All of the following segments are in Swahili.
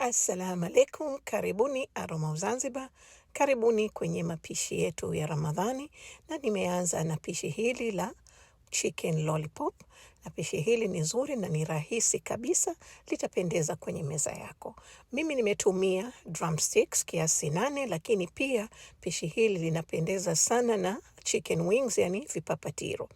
Assalamu alaikum, karibuni Aroma Uzanzibar, karibuni kwenye mapishi yetu ya Ramadhani, na nimeanza na pishi hili la chicken lollipop, na pishi hili ni zuri na ni rahisi kabisa, litapendeza kwenye meza yako. Mimi nimetumia drumsticks kiasi nane, lakini pia pishi hili linapendeza sana na chicken wings, yani vipapatiro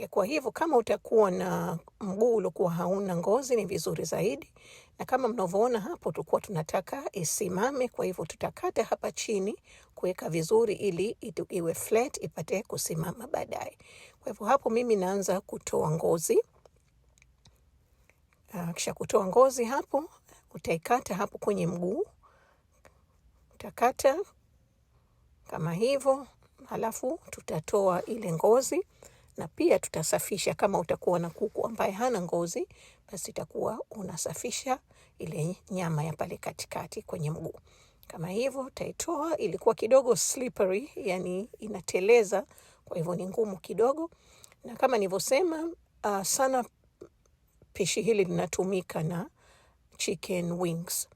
yake. Kwa hivyo kama utakuwa na mguu uliokuwa hauna ngozi ni vizuri zaidi, na kama mnavyoona hapo tulikuwa tunataka isimame. Kwa hivyo tutakata hapa chini kuweka vizuri, ili iwe flat ipate kusimama baadaye. Kwa hivyo hapo mimi naanza kutoa ngozi. Ah, kisha kutoa ngozi hapo, utaikata hapo kwenye mguu, utakata kama hivyo, halafu tutatoa ile ngozi na pia tutasafisha. Kama utakuwa na kuku ambaye hana ngozi, basi itakuwa unasafisha ile nyama ya pale katikati kwenye mguu kama hivyo. Taitoa, ilikuwa kidogo slippery, yani inateleza, kwa hivyo ni ngumu kidogo. Na kama nilivyosema, uh, sana pishi hili linatumika na chicken wings.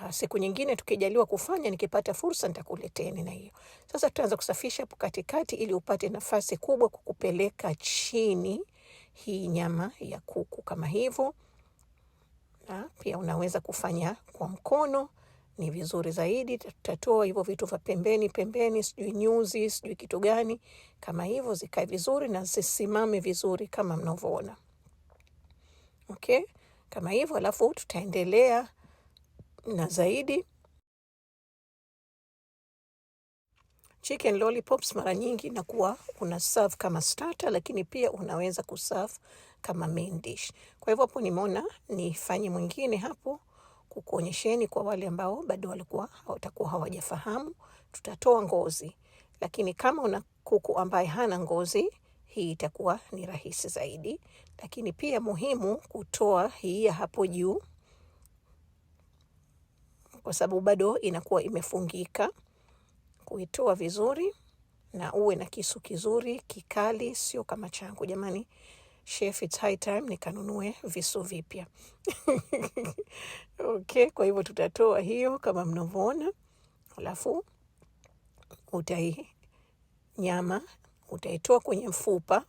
Ah, siku nyingine tukijaliwa kufanya, nikipata fursa nitakuleteni na hiyo. Sasa tutaanza kusafisha hapo katikati ili upate nafasi kubwa kwa kupeleka chini hii nyama ya kuku kama hivyo, na pia unaweza kufanya kwa mkono ni vizuri zaidi. Tutatoa hivyo vitu vya pembeni pembeni, sijui nyuzi, sijui kitu gani kama hivyo, zikae vizuri na zisimame vizuri kama mnavyoona. Okay, kama hivyo, alafu tutaendelea na zaidi. Chicken lollipops mara nyingi nakuwa una serve kama starter, lakini pia unaweza kuserve kama main dish. Kwa hivyo hapo nimeona nifanye mwingine hapo kukuonyesheni, kwa wale ambao bado walikuwa watakuwa hawajafahamu. Tutatoa ngozi, lakini kama una kuku ambaye hana ngozi, hii itakuwa ni rahisi zaidi, lakini pia muhimu kutoa hii ya hapo juu kwa sababu bado inakuwa imefungika. Kuitoa vizuri na uwe na kisu kizuri kikali, sio kama changu jamani. Chef, it's high time nikanunue visu vipya okay. Kwa hivyo tutatoa hiyo kama mnavyoona, alafu utai nyama utaitoa kwenye mfupa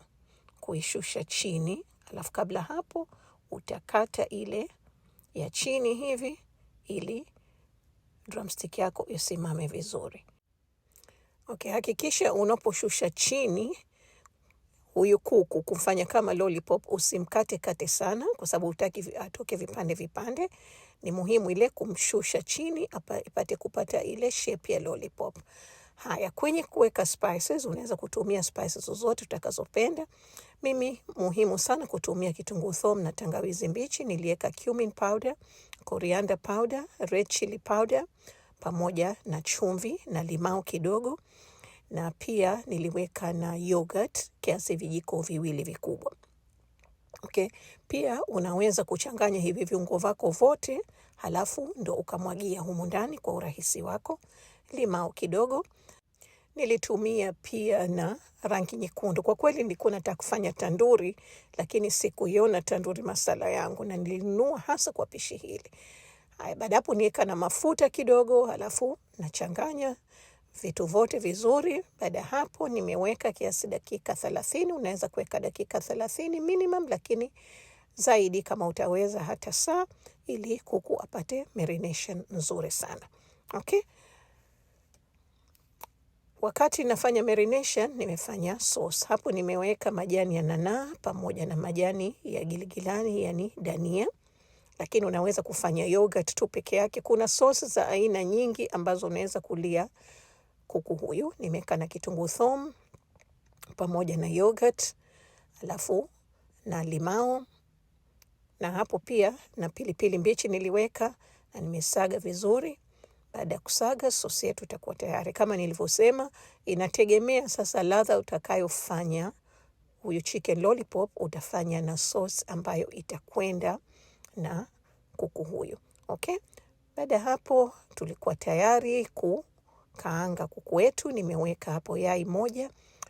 kuishusha chini, alafu kabla hapo utakata ile ya chini hivi ili drumstick yako isimame vizuri. Okay, hakikisha unaposhusha chini huyu kuku kumfanya kama lollipop, usimkate kate sana, kwa sababu hutaki atoke vipande vipande. Ni muhimu ile kumshusha chini apate kupata ile shape ya lollipop. Haya, kwenye kuweka spices unaweza kutumia spices zozote utakazopenda. Mimi muhimu sana kutumia kitunguu thom na tangawizi mbichi. Niliweka cumin powder, coriander powder, red chili powder pamoja na chumvi na limau kidogo, na pia niliweka na yogurt kiasi vijiko viwili vikubwa. Okay. Pia unaweza kuchanganya hivi viungo vako vote halafu ndo ukamwagia humu ndani kwa urahisi wako, limau kidogo nilitumia pia na rangi nyekundu. Kwa kweli nilikuwa nataka kufanya tanduri, lakini sikuiona tanduri masala yangu na nilinunua hasa kwa pishi hili. Haya, baada hapo niweka na mafuta kidogo, halafu nachanganya vitu vyote vizuri. Baada hapo nimeweka kiasi dakika thelathini. Unaweza kuweka dakika thelathini minimum, lakini zaidi kama utaweza hata saa, ili kuku apate marination nzuri sana. Okay. Wakati nafanya marination nimefanya sauce. Hapo nimeweka majani ya nanaa pamoja na majani ya giligilani, yani dania, lakini unaweza kufanya yogurt tu peke yake. Kuna sauce za aina nyingi ambazo unaweza kulia kuku huyu. Nimeweka na kitunguu thom pamoja na yogurt, alafu na limao, na hapo pia na pilipili mbichi niliweka na nimesaga vizuri. Baada ya kusaga sosi yetu itakuwa tayari. Kama nilivyosema, inategemea sasa ladha utakayofanya huyu chicken lollipop, utafanya na sauce ambayo itakwenda na kuku huyu. Okay, baada ya hapo tulikuwa tayari kukaanga kuku wetu. Nimeweka hapo yai moja,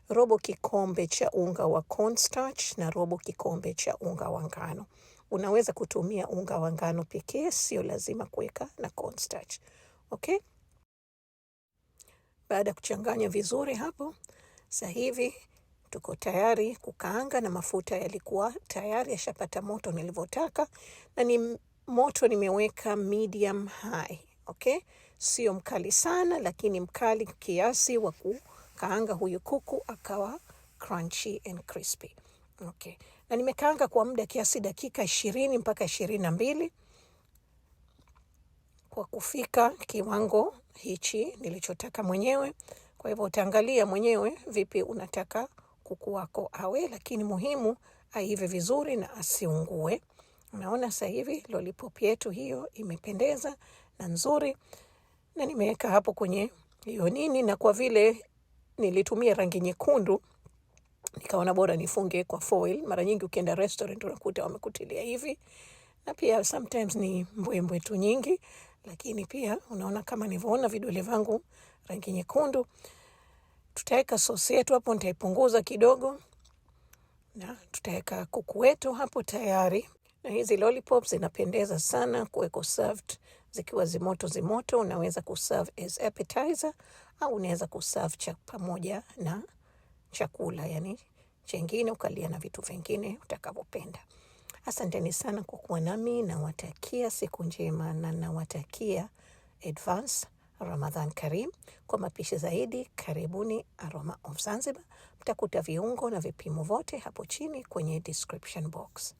robo kikombe cha unga wa cornstarch na robo kikombe cha unga wa ngano. Unaweza kutumia unga wa ngano pekee, sio lazima kuweka na cornstarch okay? Baada ya kuchanganya vizuri hapo, sasa hivi tuko tayari kukaanga, na mafuta yalikuwa tayari yashapata moto nilivyotaka, na ni moto nimeweka medium high, okay? Sio mkali sana, lakini mkali kiasi wa kukaanga huyu kuku akawa crunchy and crispy. Okay. Na nimekaanga kwa muda kiasi dakika ishirini mpaka ishirini na mbili kwa kufika kiwango hichi nilichotaka mwenyewe. Kwa hivyo utaangalia mwenyewe vipi unataka kuku wako awe, lakini muhimu aive vizuri na asiungue. Unaona sasa hivi lollipop yetu hiyo imependeza na nzuri, na nimeweka hapo kwenye hiyo nini, na kwa vile nilitumia rangi nyekundu nikaona bora nifunge kwa foil. Mara nyingi ukienda restaurant unakuta wamekutilia hivi, na pia sometimes ni mbwembwe tu nyingi lakini pia unaona kama nilivyoona vidole vangu rangi nyekundu. Tutaweka sosi yetu hapo, nitaipunguza kidogo, na tutaweka kuku wetu hapo tayari. Na hizi lollipop zinapendeza sana kuweko served zikiwa zimoto zimoto. Unaweza kuserve as appetizer au unaweza kuserve cha pamoja na chakula, yani chengine ukalia na vitu vingine utakavyopenda. Asanteni sana kwa kuwa nami, nawatakia siku njema na nawatakia advance Ramadhan Karim. Kwa mapishi zaidi, karibuni Aroma of Zanzibar. Mtakuta viungo na vipimo vyote hapo chini kwenye description box.